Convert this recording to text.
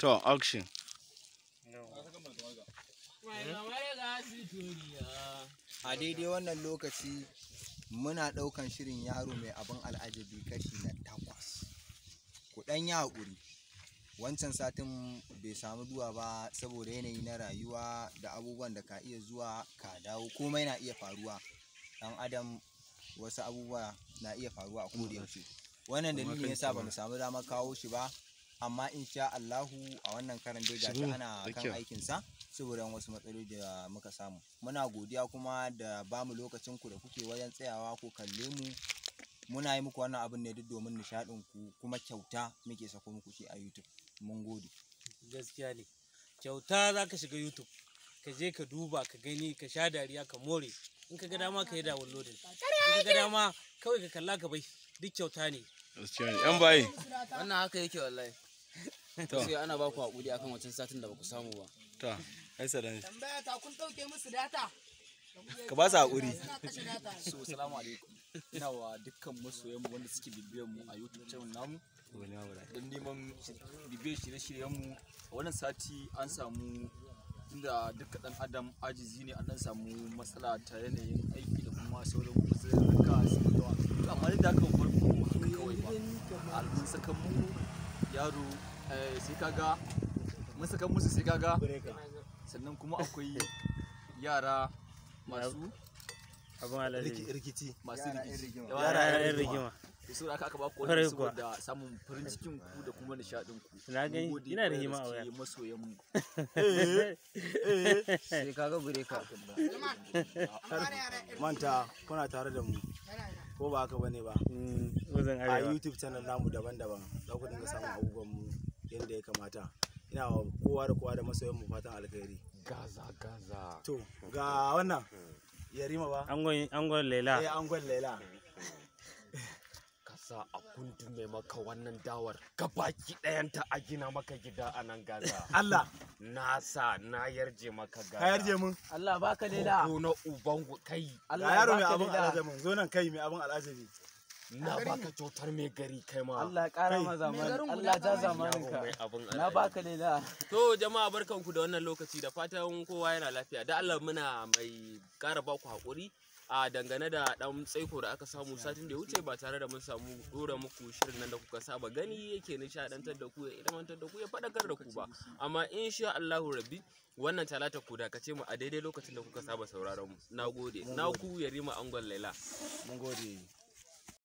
To, auction. A daidai wannan lokaci muna ɗaukan shirin yaro mai abin al'ajabi kashi na takwas. Ku ɗan yi haƙuri. Wancan satin bai samu zuwa ba saboda yanayi na rayuwa da abubuwan da ka iya zuwa ka dawo komai na iya faruwa. Ɗan adam wasu abubuwa na iya faruwa a koda Wannan dalilin yasa ba mu samu damar kawo shi ba. amma in sha Allahu a wannan karan dai gashi ana kan aikin sa saboda wasu matsaloli da muka samu muna godiya kuma da bamu lokacin ku da kuke wajen tsayawa ko kalle mu muna yi muku wannan abin ne duk domin nishadin ku kuma kyauta muke sako muku shi a YouTube mun gode gaskiya ne kyauta za ka shiga YouTube ka je ka duba ka gani ka sha dariya ka more in ka ga dama ka yi da wallodin in ka ga dama kawai ka kalla ka bai duk kyauta ne yan baye wannan haka yake wallahi sai ana ba ku hakuri akan wancan satin da ba ku samu ba to ai sadan tambaya ta kun dauke musu data ka ba su hakuri so assalamu alaikum ina wa dukkan masoyan mu wanda suke bibiyar mu a youtube channel namu don neman bibiyar shirye-shiryen mu a wannan sati an samu tunda duka dan adam ajizi ne an dan samu matsala ta yanayin aiki da kuma sauran kusurin da ka amma duk da haka farko haka kawai ba albun sakan mu yaro eh, sai kaga masakan musu sai kaga sannan kuma akwai yara masu rikici masu rikici yara yan rigima su da aka aka ba ku wani su da samun farin cikin ku da kuma nishadin ku na gani ina da hima a waya masoyan mu eh, eh, sai kaga gure ka manta kuna tare da mu ko ba haka bane ba mm, a youtube channel namu daban-daban za ku dinga samun abubuwan mu yadda ya kamata ina wa kowa da kowa da masoyan mu fatan alkhairi gaza gaza to ga wannan yarima ba angon lela eh angon lela kasa a kundin mai maka wannan dawar gabaki dayanta a gina maka gida a nan gaza. Allah na sa na yarje maka ga ka yarje mun Allah baka lela. ko na uban kai Allah yaro mai abin alajabi mun zo nan kai mai abin alajabi na baka kyautar mai gari kai ma Allah ya kara ma zamanin Allah ja zamanin ka na baka lela. to jama'a barkanku da wannan lokaci da fatan kowa yana lafiya da Allah muna mai kara baku hakuri a dangane da dan tsaiko da aka samu satin da ya wuce ba tare da mun samu dora muku shirin nan da kuka saba gani yake nishadantar da ku ya ilmantar da ku ya fadakar da ku ba amma insha Allahu rabbi wannan talata ku dakace mu a daidai lokacin da kuka saba sauraron mu nagode naku yarima angon laila mun gode